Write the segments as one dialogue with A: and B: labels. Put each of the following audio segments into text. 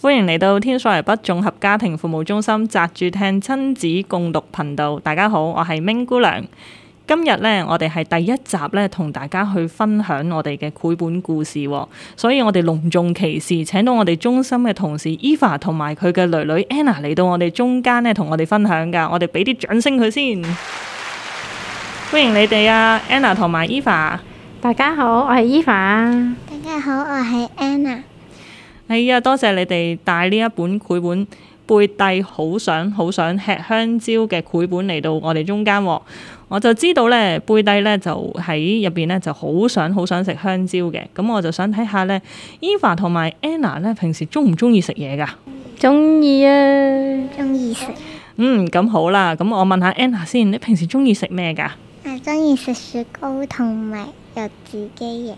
A: 歡迎嚟到天水圍北綜合家庭服務中心宅住聽親子共讀頻道，大家好，我係明姑娘。今日呢，我哋係第一集呢，同大家去分享我哋嘅繪本故事。所以我哋隆重其事，請到我哋中心嘅同事 Eva 同埋佢嘅囡囡 Anna 嚟到我哋中間呢，同我哋分享㗎。我哋俾啲掌聲佢先。 歡迎你哋啊，Anna 同埋 Eva。大家好，我係 Eva。大
B: 家好，我係 Anna。
A: 哎呀，多謝你哋帶呢一本繪本貝蒂好想好想吃香蕉嘅繪本嚟到我哋中間喎，我就知道咧貝蒂咧就喺入邊咧就好想好想食香蕉嘅。咁我就想睇下咧，Eva 同埋 Anna 咧平時中唔中意食嘢噶？
C: 中意啊，
B: 中意食。
A: 嗯，咁好啦，咁我問下 Anna 先，你平時中意食咩噶？
B: 我中意食雪糕同埋日式雞翼。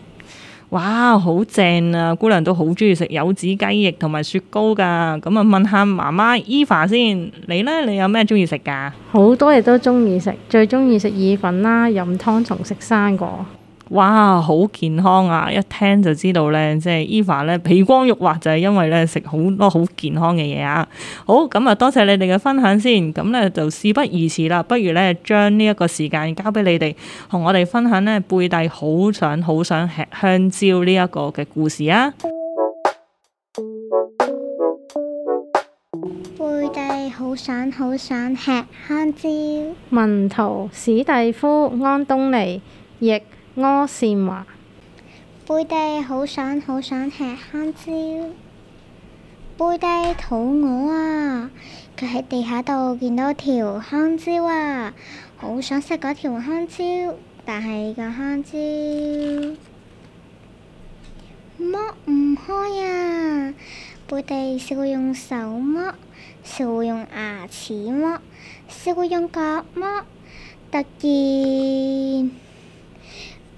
A: 哇，好正啊！姑娘都好鍾意食柚子雞翼同埋雪糕噶。咁啊，問下媽媽 Eva 先，你呢？你有咩鍾意食噶？
C: 好多嘢都鍾意食，最鍾意食意粉啦、啊，飲湯同食生果。
A: 哇，好健康啊！一聽就知道咧，即係 Eva 咧皮光肉滑，就係因為咧食好多好健康嘅嘢啊。好，咁啊，就多謝你哋嘅分享先。咁咧就事不宜遲啦，不如咧將呢一個時間交俾你哋，同我哋分享咧貝蒂好想好想吃香蕉呢一個嘅故事啊。
C: 貝蒂好想好想吃香蕉。文圖：史帝夫·安東尼。譯。阿、哦、倩華，貝蒂好想好想吃香蕉，貝蒂肚餓啊！
B: 佢喺地下度見到條香蕉啊，好想食嗰條香蕉，但係個香蕉剝唔開啊！貝蒂試過用手剝，試過用牙齒剝，試過用腳剝，突然。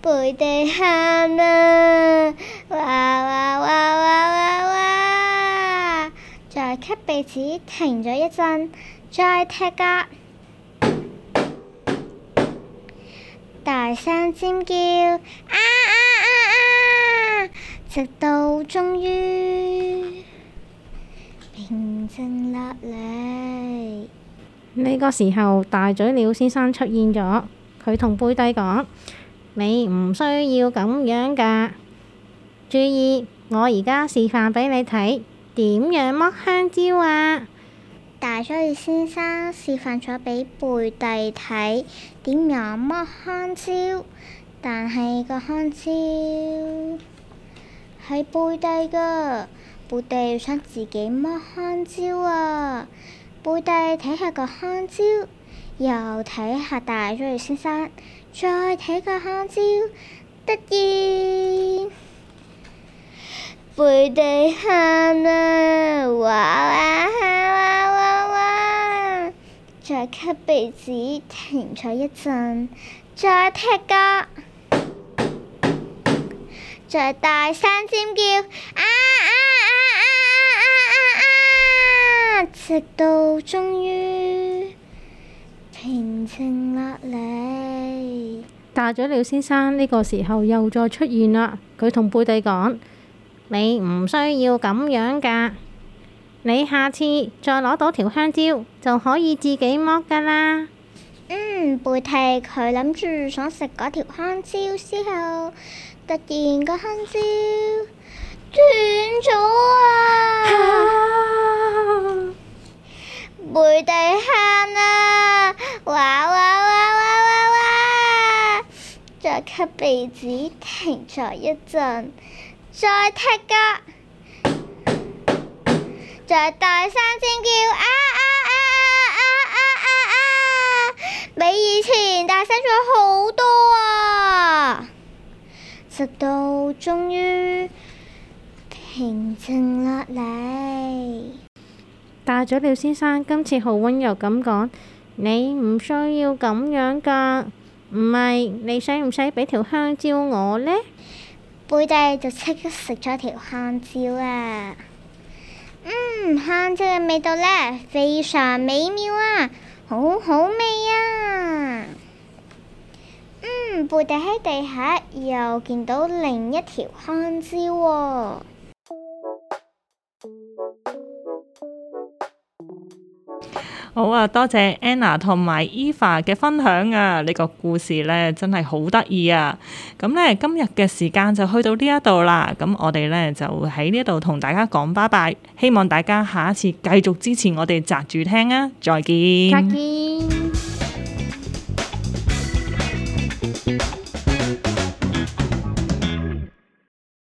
B: 貝蒂喊啊！哇哇哇哇哇哇！再吸鼻子，停咗一陣，再踢腳，大聲尖叫啊啊啊啊！直
C: 到終於平靜落嚟。呢個時候，大嘴鳥先生出現咗，佢同貝蒂講。你唔需要咁樣噶，注意，我而家示範俾你睇點樣剝香蕉啊！大嘴鳥先生示範咗畀貝蒂睇點樣
B: 剝香蕉，但係個香蕉係貝蒂噶，貝蒂想自己剝香蕉啊！貝蒂睇下個香蕉，又睇下大嘴先生，再睇個香蕉得意，貝蒂喊啊哇啊哇哇哇！再吸鼻子停咗一陣，再踢腳， 再大聲尖叫啊，啊啊啊啊啊啊啊！直
C: 到終於。平靜落嚟。大嘴鳥先生呢個時候又再出現啦。佢同貝蒂講：你唔需要咁樣噶。你下次再攞到條香蕉就可以自己剝噶啦。嗯，貝蒂佢諗
B: 住想食嗰條香蕉之後，突然個香蕉斷咗啊！貝蒂喊啊！踢鼻子，停咗一陣，再踢腳， 再大聲尖叫啊，啊啊啊啊啊啊啊啊！比以前大聲咗好多啊！直到終於
C: 平靜落嚟。大嘴鳥先生今次好溫柔咁講，你唔需要咁樣噶。唔係，你使唔使畀條香蕉我呢？貝蒂就即刻食
B: 咗條香蕉啊！嗯，香蕉嘅味道呢，非常美妙啊，好好味啊！嗯，貝蒂喺地下又見到另一條香蕉喎、啊。
A: 好啊，多謝 Anna 同埋 Eva 嘅分享啊！呢、呢個故事咧真係好得意啊！咁、嗯、咧今日嘅時間就去到、嗯、呢一度啦，咁我哋咧就喺呢度同大家講拜拜，希望大家下一次繼續支持我哋宅住聽啊！再見，再
C: 見。